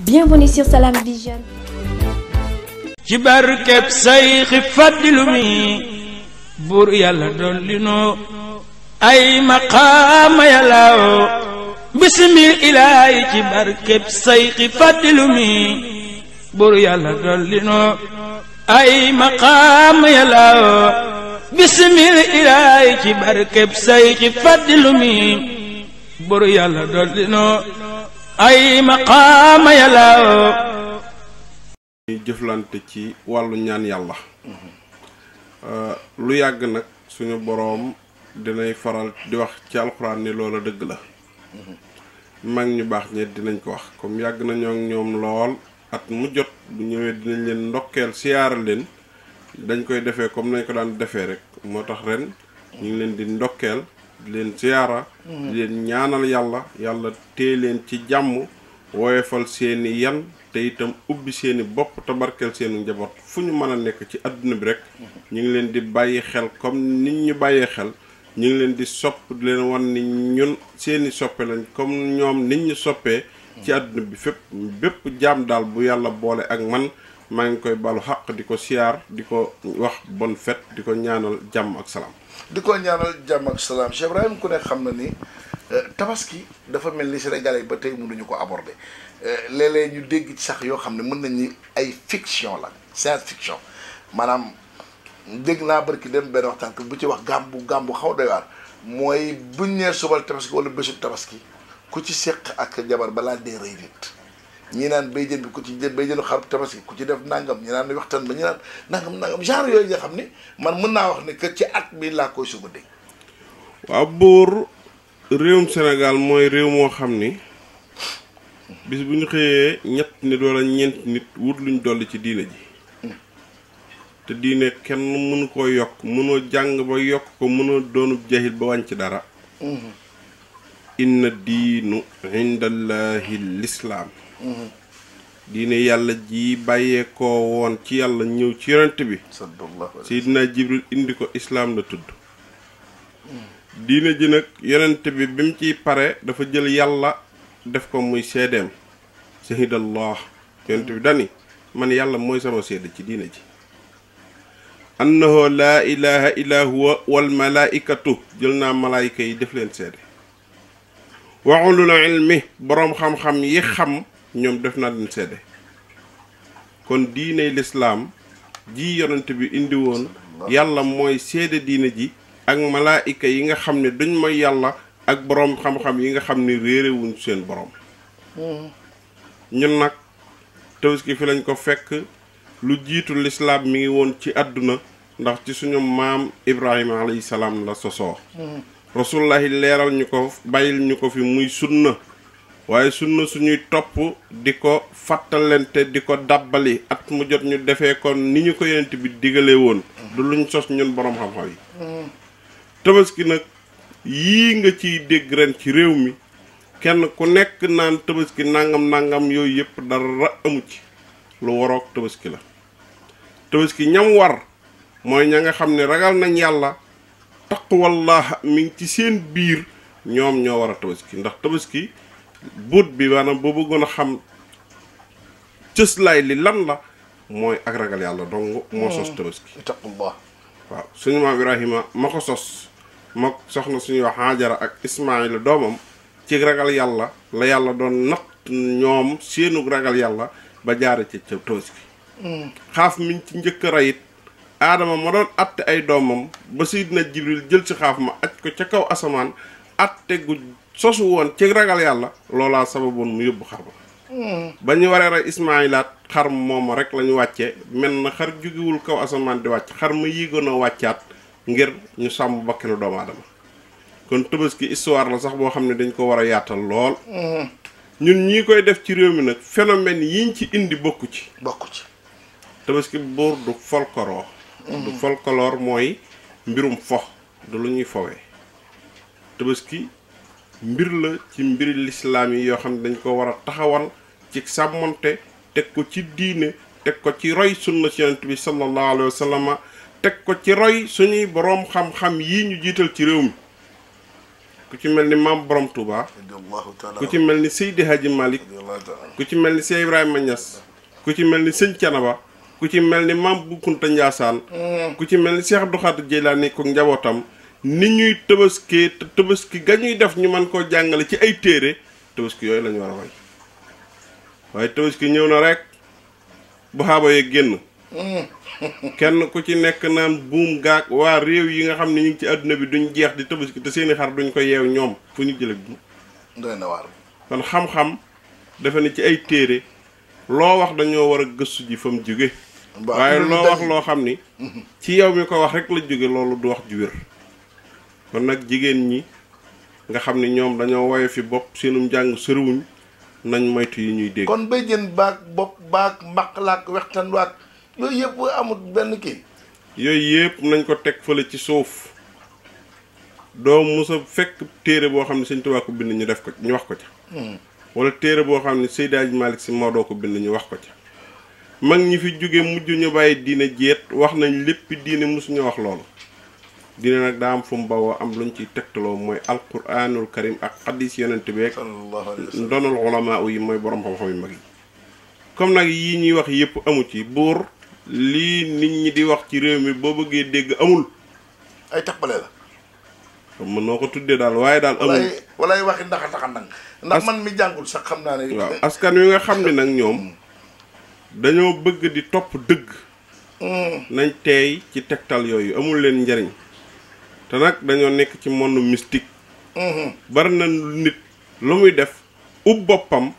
Bienvenue sur Salam ci barkeb Sayxi Fadilu mi buur yàlla dolli noo ay maqaama yàllaaw bisimil ilaahi ci barkeb Sayxi Fadilu mi buur ay maqaama yàllaaw bisimil ilaahi ci barkeb Sayxi Fadilu mi buur ay maqaama yàllaw ñuy ci wàllu ñaan yàlla lu yàgg nag suñu boroom dinay faral di wax ci alxuraan ni loola dëgg la mag ñu baax ñet dinañ ko wax comme yàgg nañoo ak ñoom lool at mu jot bu ñëwee dinañ leen ndokkeel siyaara leen dañ koy defee comme nañ ko daan defee rek moo tax ren ñu ngi leen di ndokkeel leen ziyaara mm. di leen ñaanal yàlla yàlla téye leen ci jàmm woyefal seeni yan te itam ubbi seeni bopp tabarkeel seeni njaboot fu ñu mën a nekk ci àdduna bi rek mm-hmm. ñu ngi leen di bàyyi xel comme nit ñu bàyyee xel ñu ngi leen di sopp leen wan ni ñun seeni soppee lañ comme ñoom nit ñu soppee mm. ci àdduna bi fépp bépp jaam daal bu yàlla boole ak man maa ngi koy balu xaq di ko siyaar di ko wax bon fête di ko ñaanal jàmm ak salaam. di ko ñaanal jàmm ak salaam Cheikh Ibrahim ku ne xam na ni euh, tabaski dafa mel ni Sénégalais ba tey mënuñu ko aborder euh, léeg-léeg ñu dégg ci sax yoo xam ne mën nañ ni ay fiction la science fiction maanaam dégg naa ki dem benn waxtaan bu ci wax gàmbu gàmbu xaw doy waar mooy buñ nee subal tabaski wala bésub tabaski ku ci seq ak jabar balaa dee rëy nit ñi naan bay jën bi ku ci jën bay jënu ku ci def nangam ñi naan waxtaan ba ñi naan nangam nangam genre yooyu nga xam ne man mën naa wax ne que ci at bi laa koy suma dégg waaw buur réewum Sénégal mooy réew moo xam ni bis bu ñu xëyee ñett nit wala ñeent nit wut luñ dolli ci diine ji te diine kenn mënu koo yokk mënoo jàng ba yokk ko mënoo doonub jahil ba wàñc dara mm-hmm. inna diinu indallahi lislaam diine yàlla ji bàyyeekoo woon ci yàlla ñëw ci yonent bi Seydina Jibril indi ko islaam la tudd diine ji nag yonent bi bi mu ciy pare dafa jël yàlla def ko muy seedeem sahidallah yonent bi dani man yàlla mooy sama seede ci diine ji annahu laa ilaha illa huwa jël naa malaayika yi def leen seede wa ulul ilmi boroom xam-xam yi xam ñoom def naa leen seede kon diiney lislaam ji yonent bi indi woon yàlla mooy seede diine ji ak malaayika yi nga xam ne duñ mooy yàlla ak boroom xam-xam yi nga xam ni réerewuñ seen boroom ñun nag tabaski fi lañ ko fekk lu jiitu lislaam mi ngi woon ci àdduna ndax ci suñu maam ibrahima alayhi salaam la sosoo mm. rasulullahi leeral ñu ko bàyyil ñu ko fi muy sunna waaye sunna suñuy topp di ko fàttalente di ko dàbbali at mu jot ñu defe kon ni ñu ko yonent bi digalee woon du luñ sos ñun borom xam-xam yi hmm. tabaski nag yii nga ciy dégg ren ci réew mi kenn ku nekk naan tabaski nangam nangam yooyu yëpp dara amu ci lu waroog tabaski la tabaski ñam war mooy ña nga xam ne ragal nañ yàlla taqwallah mi ci seen biir ñoom ñoo war a tabaski ndax tabaski buut bi maanaam boo bëggoon a xam cëslaay li lan la mooy ak ragal yàlla dong moo sos hmm. tabaski taqwa waaw suñu maam Ibrahima ma ko sos ma soxna suñuy wax Haajara ak Ismaayla doomam ci ragal yàlla la yàlla doon natt ñoom seenu ragal yàlla ba jaare ci ca tabaski hmm. xaaf miñ ci njëkk rayit aadama ma doon atte ay doomam ba dina Jibril jël ci xaaf ma aj ko ca kaw asamaan atte gu sosu woon ci ragal yàlla loolaa sababoon mu yóbbu xar ma ba hmm. ñu waree rek ismailaat xar moom rek la ñu wàccee mel na xar jugiwul kaw asamaan di wàcc xar ma yéegoon a wàccaat ngir ñu sàmm bakkinu doomu kon Tabaski histoire la sax boo xam ne dañ ko war a yaatal lool hmm. ñun ñii koy def ci réew mi nag phénomène yiñ ci indi bokku ci bokku ci Tabaski buur du folklore hmm. du folklore mooy mbirum fox du lu ñuy fowee Tabaski mbir la ci mbiri lislaam yi yoo xam ne dañ ko war a taxawal ci sàmmonte teg ko ci diine teg ko ci roy sunna si yonent bi sallallahu alayhi wa teg ko ci roy suñuy boroom xam-xam yii ñu jiital ci réew mi ku ci mel ni maam borom Touba ku ci mel ni Seydi Hadji ku ci mel ni Sey Ibrahima Niass ku ci mel ni sëñ Canaba ku ci mel ni maam bu Kunta Njaasaan mm. ku ci mel ni Cheikh Abdou Khadre Jeylaani ko njabootam ni ñuy tëbaskee tëbaski ga ñuy def ñu man koo jàngale ci ay téere tëbaski yooyu lañu war a roy waaye tëbaski ñëw na rek bu xaaba yee génn mm. kenn ku ci nekk naan buum gaag waa réew yi nga xam ne ñu ci àdduna bi duñ jeex di tëbaski te seeni xar duñ ko yeew ñoom fu ñu jële bu doy kon xam-xam defe ne ci ay téere loo wax dañoo war a gëstu ji fa mu jóge waaye loo wax loo xam ni mm-hmm. ci yow mi ko wax rek la jóge loolu du wax ju wér kon nag jigéen ñi nga xam ne ñoom dañoo woye fi bopp seenum njàng sëriwuñ nañ moytu yi ñuy dégg. kon bay jën baag bopp baag mbaq laak wextan waag yooyu yëpp amul benn kii. yooyu yëpp nañ ko teg fële ci suuf doo musa fekk téere boo xam ne Sëñ Tuubaa ko bind ñu def ko ñu wax ko ca. Hmm. wala téere boo xam ne Seydi Hadji Si moodoo ko bind ñu wax ko ca. mag ñi fi jóge mujj ñu bàyyi diine jeet wax nañ lépp diine mosuñu wax loolu. dina nag daa am fu mu bawoo am luñ ci tegtaloo mooy alquranul karim ak xadis yonent bi ak ndonul ulama yi mooy borom xam-xam yu mag yi comme nag yii ñuy wax yépp amu ci buur lii nit ñi di wax ci réew mi boo bëggee dégg amul ay tappale la mën noo ko tuddee daal waaye daal amul walaay waxi ndax ndax man mi jàngul sax xam naa ne waaw askan wi nga xam ne nag ñoom mm. dañoo bëgg di topp dëgg mm. nañ teey ci tegtal yooyu amul leen njariñ te nag dañoo nekk ci monde mystique. Mhm. bari na nit lu muy def ub boppam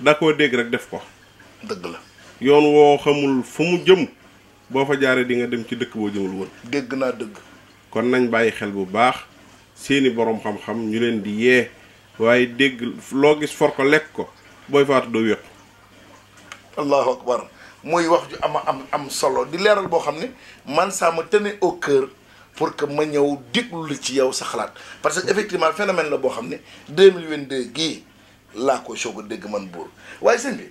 da koo dégg rek def ko. dëgg la yoon woo xamul fu mu jëm boo fa jaaree di nga dem ci dëkk boo jëmul woon. dégg naa dëgg. kon nañ bàyyi xel bu baax seeni boroom xam-xam ñu leen di yee waaye dégg loo gis for ko lekk ko booy faatu doo wéqu. allahu akbar muy wax ju am am am solo di leeral boo xam ne man ça me tenait au pour que ma ñëw déglu ci yow sa xalaat parce que effectivement phénomène la boo xam ne 2022 gii laa ko soog a dégg man buur waaye sëñ bi.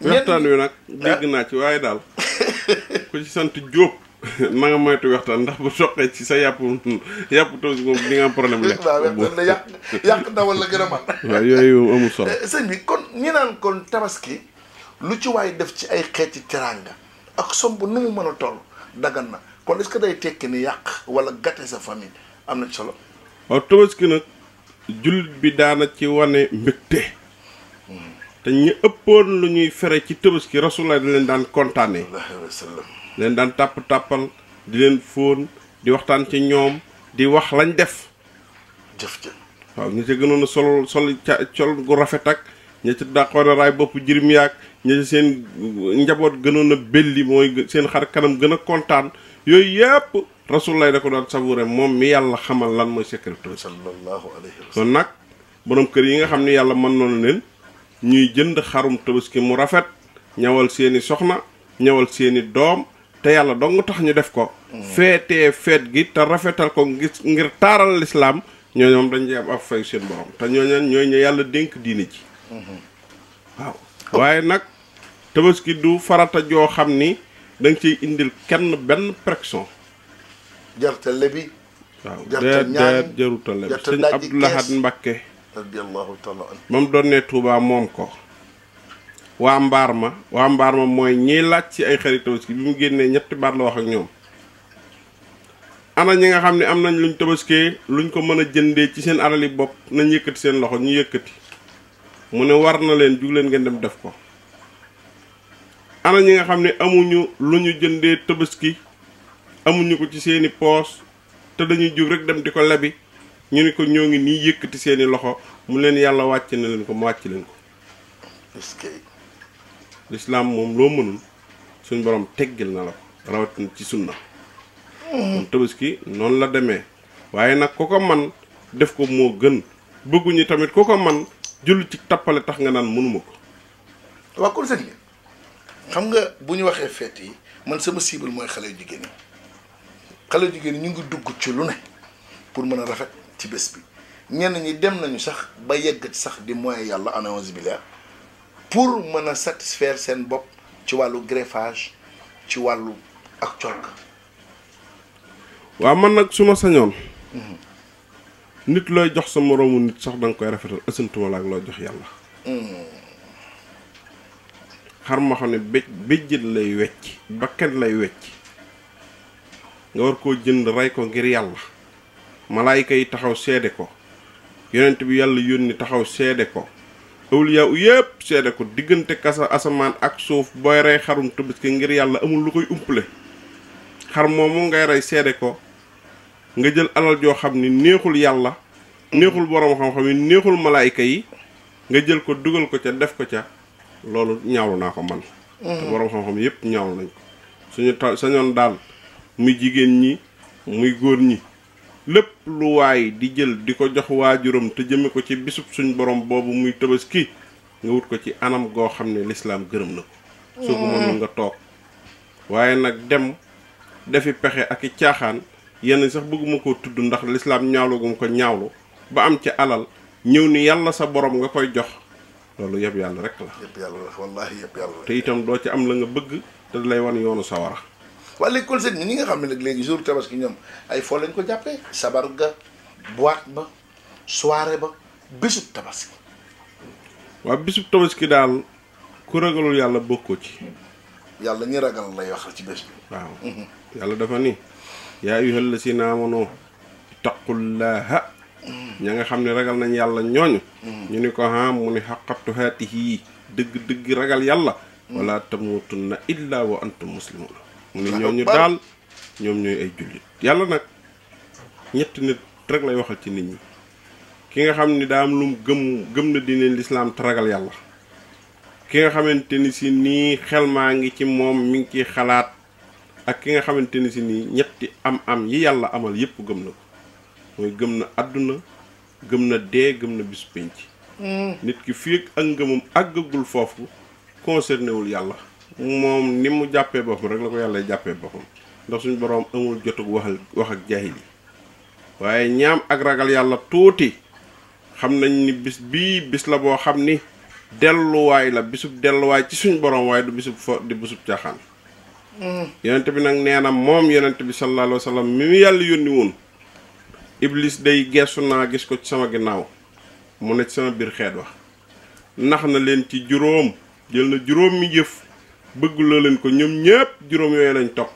waxtaan nag ah. dégg naa ci waaye daal sant Diop. na nga moytu waxtaan ndax bu soqee ci sa yàpp yàpp toog moom di nga am problème lekk yàq yàq ndawal la gën a man waaw yooyu amul solo eh, sëñ bi kon ñi naan kon tabaski lu ci waay def ci ay xeeti teraanga ak somb nu mu mën a toll dagan na kon est-ce que day tekki ni yàq wala gàtte sa famille am na ci solo. waaw tabaski nag jullit bi daana ci wane mbégte te ñu ëppoon lu ñuy fere ci tabaski rasulullah di leen daan kontaanee. leen daan tàpp tàppal di leen fóon di waxtaan ci ñoom di wax lañ def. waaw ñu ci gënoon a sol sol ca col gu rafet ak ña ci dàqoon a raay bopp jirim yaag ña seen njaboot gënoon a belli mooy seen xar kanam gën a kontaan. yooyu yëpp rasulullah da ko daan savouré moom mi yàlla xamal lan mooy secret sallallahu alayhi wa sallam kon kër yi nga xam ne yàlla mën noonu leen ñuy jënd xarum tabaski mu rafet ñawal seeni soxna ñawal seeni doom te yàlla doo dong tax ñu def ko feetee feet gi te rafetal ko ngir taaral lislaam ñooñoom dañ ci am ab fay seen borom te ñooñu ñooy ñu yàlla dénk diine ji mm-hmm. waaw waaye nag tabaski du farata joo xam ni da nga ciy indil kenn benn pression. jarta lebi. waaw déet déet jaruta lebi sëñ Abdou Lahad Mbacké radiyallahu taala moom doon ne Touba moom ko waa mbaar ma waa mbaar ma mooy ñiy laaj ci ay xaritoo ci bi mu génnee ñetti baat la wax ak ñoom ana ñi nga xam ne am nañ luñ tabaskee luñ ko mën a jëndee ci seen alali bopp nañ yëkkati seen loxo ñu yëkkati mu ne war na leen jug leen ngeen dem def ko ana ñi nga xam ne amuñu lu ñu jëndee tabaski amuñu ko ci seeni poos te dañuy jub rek dem di ko lebi ñu ni ko ñoo ngi nii yëkkati seeni loxo mu leen yàlla wàcc na leen ko mu wàcc leen ko lislaam moom loo mënul suñ borom teggil na la ko rawatina ci sunna kon tabaski noonu la demee waaye nag ku ko man def ko moo gën bëgguñu tamit ku ko man jullu ci tappale tax nga naan mënuma ko waa xam nga bu ñu waxee fête yi man sama cible mooy xale jigéen ñi xale jigéen yi ñu ngi dugg ci lu ne pour mën a rafet ci bés bi ñenn ñi dem nañu sax ba yegg sax di moyen yàlla annonce bi la pour mën a satisfaire seen bopp ci wàllu greffage ci wàllu ak cork waaw man nag su ma sañoon mhm. nit looy jox sa moroomu nit sax da koy rafetal ësantuma la ak loo jox yàlla mhm. xar moo xam ne bé béjjën lay wecc bakkan lay wecc nga war ko jënd rey ko ngir yàlla malaayika yi taxaw seede ko yonent bi yàlla yónni taxaw seede ko awliyaa u yépp seede ko diggante kasa asamaan ak suuf booy rey xarum tabaski ngir yàlla amul lu koy umpale xar moomu ngay rey seede ko nga jël alal joo xam ni neexul yàlla neexul boroom xam-xam yi neexul malaayika yi nga jël ko dugal ko ca def ko ca loolu ñaawlu naa ko man te xam-xam yëpp ñaawlu nañ ko suñu ta sañoon daal muy jigéen ñi muy góor ñi lépp lu waay di jël di ko jox waajuram te jëme ko ci bisub suñu borom boobu muy tabaski nga wut ko ci anam goo xam ne lislaam gërëm na ko soo ko nga toog waaye nag dem dafi pexe ak i caaxaan yenn sax bëgguma ko tudd ndax lislaam ñaawlu gum ko ñaawlu ba am ci alal ñëw ni yàlla sa boroom nga koy jox loolu yëpp yàlla rek la. yëpp yàlla la wallaahi yëpp yàlla la. te itam doo ci am la nga bëgg te lay wan yoonu sawara. wala léegi kon sëñ nga xam ne nag léegi jour tabaski ñoom ay fo lañ ko jàppee. sabar ga boîte ba soirée ba bésub tabaski. waaw bésub tabaski daal ku ragalul yàlla bokkoo ci. yàlla ñi ragal lay wax ci bés bi. waaw mhm. yàlla dafa ni. yaa ayyuhal lazina amanu ittaqullaha ña nga xam ne ragal nañu yàlla ñooñu mm. ñu ni ko ha mu ni xaqatu haatihi dëgg-dëgg ragal yàlla mm. wala tamutunna illa wa antum muslimun mu ni ñooñu daal ñoom ñooy ay jullit yàlla nag ñetti nit rek lay waxal ci nit ñi ki nga xam ni daa am lum gëm gëm na diine lislaam te ragal yàlla ki nga xamante ni si nii xel maa ngi ci moom mi ngi ciy xalaat ak ki nga xamante ni si nii ñetti am am yi yàlla amal yépp gëm na ko mooy gëm na àdduna gëm na dee gëm na bis pinc mm. nit ki fii ak ngëmam àggagul foofu concerné wul yàlla moom ni mu jàppee boppam rek la ko yàlla jàppee boppam ndax suñu boroom amul jotug waxal wax ak jaahil yi waaye ñaam ak ragal yàlla tuuti xam nañ ni bis bii bis la boo xam ni delluwaay la bisub delluwaay ci suñu borom waaye du bisub fo di bisub caaxaan mm. yonent bi nag nee na moom yonent bi sallallahu alayhi wa sallam mi mu yàlla yónni woon iblis day geesu naa gis ko ci sama ginnaaw mu ne ci sama biir xeet wax nax na leen ci juróom jël na juróom mi yëf bëgguloo leen ko ñoom ñëpp juróom yooyu lañ topp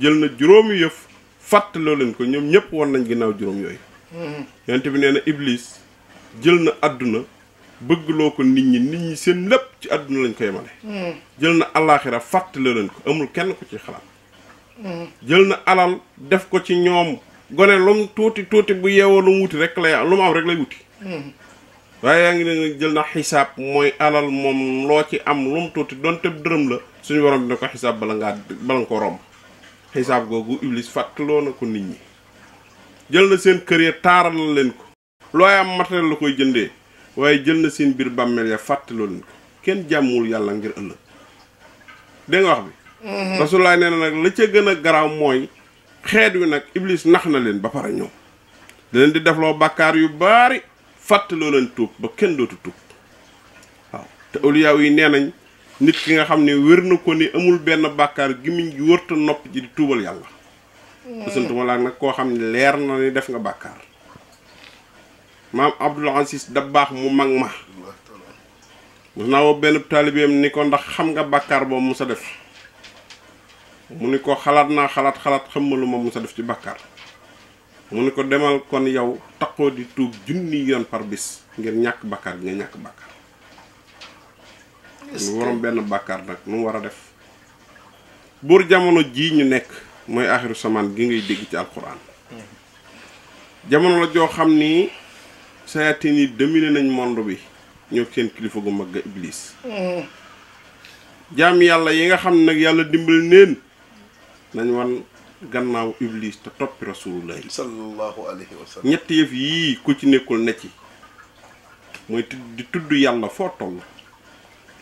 jël na juróomi yëf fàttaloo leen ko ñoom ñëpp war nañ ginnaaw juróom yooyu yonent bi nee na iblis jël na àdduna bëgguloo ko nit ñi nit ñi seen lépp ci àdduna lañ koy male jël na alaaxira fàttaloo leen ko amul kenn ko ci xalaat jël na alal def ko ci ñoom gone lu tuuti tuuti bu yeewoo lu mu wuti rek lay lu mu am rek lay wuti. Hmm. waaye yaa ngi ne jël na xisaab mooy alal moom loo ci am lu tuuti donte dërëm la suñu borom dina ko xisaab bala ngaa bala nga ko romb xisaab googu iblis fàttaloo na ko nit ñi jël na seen kër ya taaral la leen ko looy am matériel la koy jëndee waaye jël na seen biir bàmmeel ya fàttaloo leen ko kenn jàmmul yàlla ngir ëllëg dégg nga wax bi hmm. rasulullah nee na nag la ca gën a garaaw mooy xeet wi nag iblis nax na leen ba pare ñoom da leen di defloo bàkkaar yu baari fàttaloo leen tuub ba kenn dootu tuub waaw te awliyaaw yi nee nañ nit ki nga xam ni wér na ko ni amul benn bàkkaar gimiñ gi wërta nopp ji di tuubal yàlla santuma laak nag koo xam ne leer na ni def nga bàkkaar maam Abdul Aziz Dabaax mu mag ma mos naa woo benn taalibeem ni ko ndax xam nga bàkkaar boobu mu sa def mu ni ko xalaat naa xalaat xalaat xam ma lu ma musa def ci bàkkar mu ni ko demal kon yow taqoo di tuub junni yoon par bis ngir ñàkk bàkkaar bi nga ñàkk bàkkaar lu waroon benn bàkkaar nag nu war a def buur jamono jii ñu nekk mooy axiru samaan gi ngay dégg ci alxuraan jamono la joo xam ni sayatin yi dominé nañ monde bi ñoo seen kilifa gu mag ga iblis mm. jaam yàlla yi nga xam ne nag yàlla dimbali neen nañ wan gannaaw iblis te toppi rasulullahi sallallahu yëf yii ku ci nekkul na ci mooy di tudd yàlla foo toll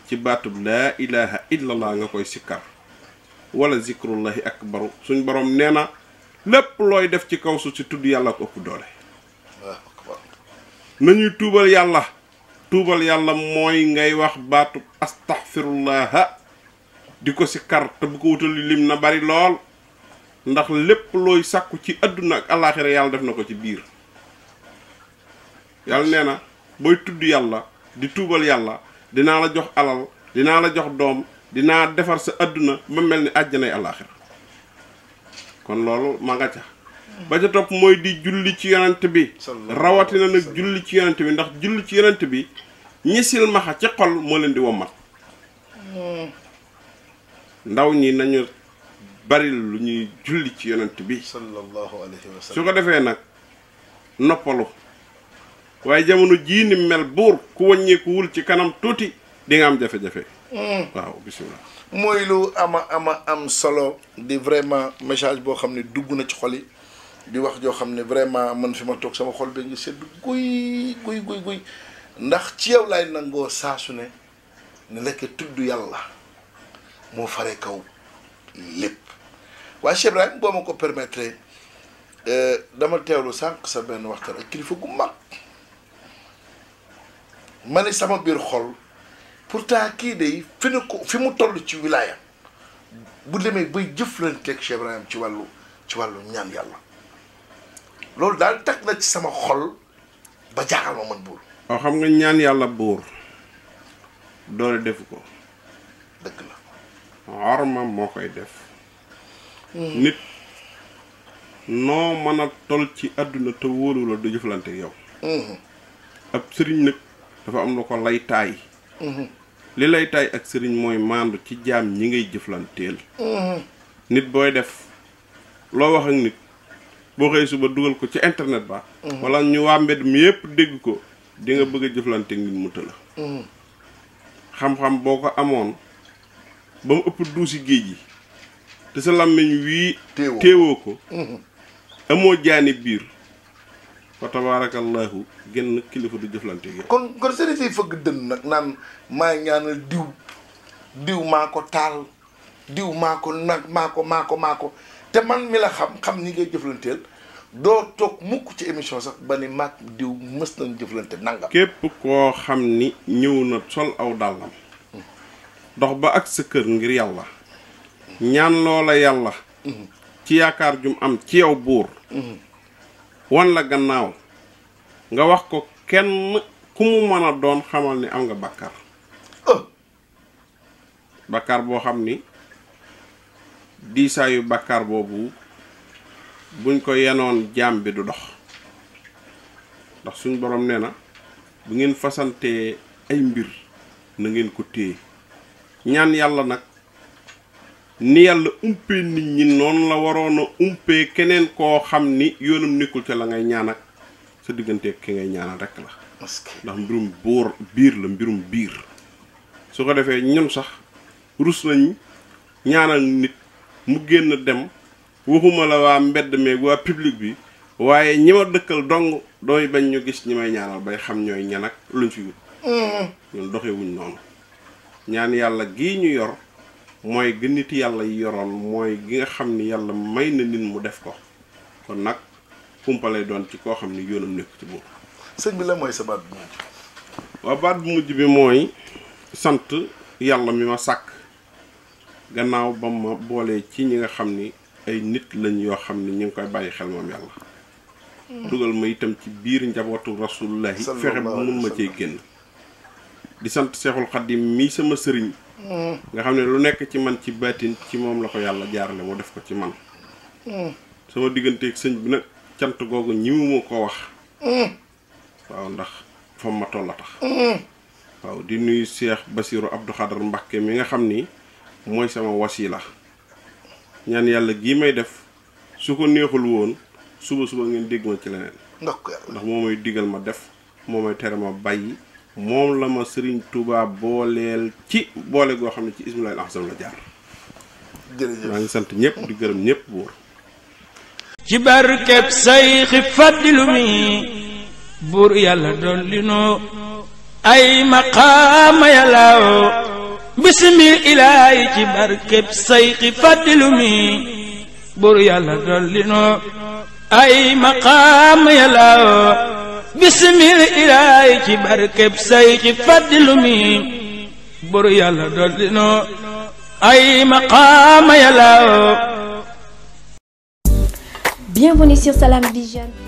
ci baatub laa ilaha illallah nga koy sikkar wala zikrullahi akbaru suñ boroom nee na lépp looy def ci kaw su ci tudd yàlla ko ëpp doole nañuy tuubal yàlla tuubal yàlla mooy ngay wax baatub astaxfirullaha di ko sikkar te bu ko wutal lim na bari lool ndax lépp looy sàkku ci àdduna ak àllaaxira yàlla def na ko ci biir yàlla nee na booy tudd yàlla di tuubal yàlla dinaa la jox alal dinaa la jox doom dinaa defar sa àdduna ba mel ni àjjanay àllaaxira kon loolu ma nga ca ba ca topp mooy di julli ci yonent bi rawatina nag julli ci yonent bi ndax julli ci yonent bi ñi silmaxa ci xol moo leen di wommat hmm. ndaw ñi nañu bari lu ñuy julli ci yonent bi sallallahu alayhi wa sallam su ko defee nag noppalu waaye jamono jii ni mel buur ku waññeekuwul ci kanam tuuti di nga am jafe-jafe mm. waaw bisimilah mooy lu ama ama am solo di vraiment message boo xam ne dugg na ci xol di wax joo xam ne vraiment man fi ma toog sama xol bi ngi sedd guy guy guy ndax ci yow laay nangoo saasu ne ne lekk tudd yàlla moo fare kaw lépp waaye Cheikh Ibrahima boo ma ko permettre euh, dama teewlu sànq sa benn waxtaan ak kilifa gu mag ma ne sama biir xol pour pourtant kii de fi ne ko fi mu toll ci wilaaya bu demee bay leen Cheikh Ibrahima ci wàllu ci wàllu ñaan yàlla loolu daal tag na ci sama xol ba jaaxal ma man buur waaw xam nga ñaan yàlla buur doole defu ko dëgg na xormam moo koy def eh. nit noo mën a tol ci àdduna te wóolu la du jëflante yow mm-hmm. ab sëriñ nag dafa am lu ko lay taay mm-hmm. li lay taay ak sëriñ mooy maandu ci jaam ñi ngay jëflanteel mm-hmm. nit booy def loo wax ak nit boo xëy suba dugal ko ci internet ba wala ñu waa mbedd mi yépp dégg ko di nga bëgg jëflante nit mu të xam-xam boo ko amoon ba mu ëpp duusi géej yi te sa làmmiñ wii téewoo ko mhm. amoo jaani biir fa tabaarakallaahu genn kilifa du jëflante gi kon kon sëriñ si fëgg dënn nag naan maa ñaanal diw diw maa ko taal diw maa ko nag maa ko maa ko te man mi la xam xam ni ngay jëflanteel doo toog mukk ci émission sax ba ni maag diw mës nañ jëflante nangam képp koo xam ni ñëw na sol aw dàllam dox ba ak sa kër ngir yàlla ñaan loola yàlla ci yaakaar jum am ci yow buur wan la gannaaw nga wax ko kenn ku mu mën a doon xamal ni am nga bàkkaar oh. bàkkaar boo xam ni diisaayu bàkkaar boobu buñ ko yenoon jaam bi du dox ndax suñ borom nee na bu ngeen fasantee ay mbir na ngeen ko téye ñaan yàlla nag ni yàlla umpee nit ñi noonu la waroon a umpee keneen koo xam ni yoonu nekkul ca la ngay ñaan ak sa diggante ki ngay ñaanal rek la ndax mbirum buur biir la mbirum biir su ko defee ñun sax rus nañ ñaanal nit mu génn dem waxuma la waa mbedd meeg waa public bi waaye ñi ma dëkkal dong dooy bañ ñu gis ñi may ñaanal bay xam ñooy ñan ak luñ fi wut ñun doxewuñ noonu ñaan yàlla gii ñu yor mooy gi nit yàlla yi yoroon mooy gi nga xam ni yàlla may na nit mu def ko kon nag kumpa doon ci koo xam ni yoonam nekk ci boobu. sëñ mooy sa baat bu mujj. bi mooy sant yàlla mi ma sàkk gannaaw ba ma boolee ci ñi nga xam ni ay nit lañ yoo xam ni ñu ngi koy bàyyi xel moom yàlla. Mm. dugal ma itam ci biir njabootu rasulullahi fexe ba mun ma cee génn. di sant Seexul Xaddim mii sama sëriñ mm. nga xam ne lu nekk ci man ci baatin ci moom la ko yàlla jaarale mu def ko ci man mm. sama digganteeg sëñ bi nag cant googu ñimu ma ko wax mm. waaw ndax fam ma toll la tax waaw di nuyu Seex Basiiru Abdu Xadar Mbàkke mi nga xam ni mooy sama wasila ñaan yàlla gii may def su ko neexul woon suba suba ngeen dégg ma ci leneen ndax moo may digal ma def moo may tere ma bàyyi moom la ma Serigne Touba booleel ci boole goo xam ne ci ismulaay alxasam la jaar. sant ñëpp di gërëm ñëpp wóor. ci barkeb say xi buur yàlla dolli ay maqaama yàllaaw bisimil ilaahi ci barkeb say xi buur yàlla dolli ay maqaama yàllaaw bismil ilaahi barkeb say ci mi buru yàlla dolli noo ay maqaama yàlla Bienvenue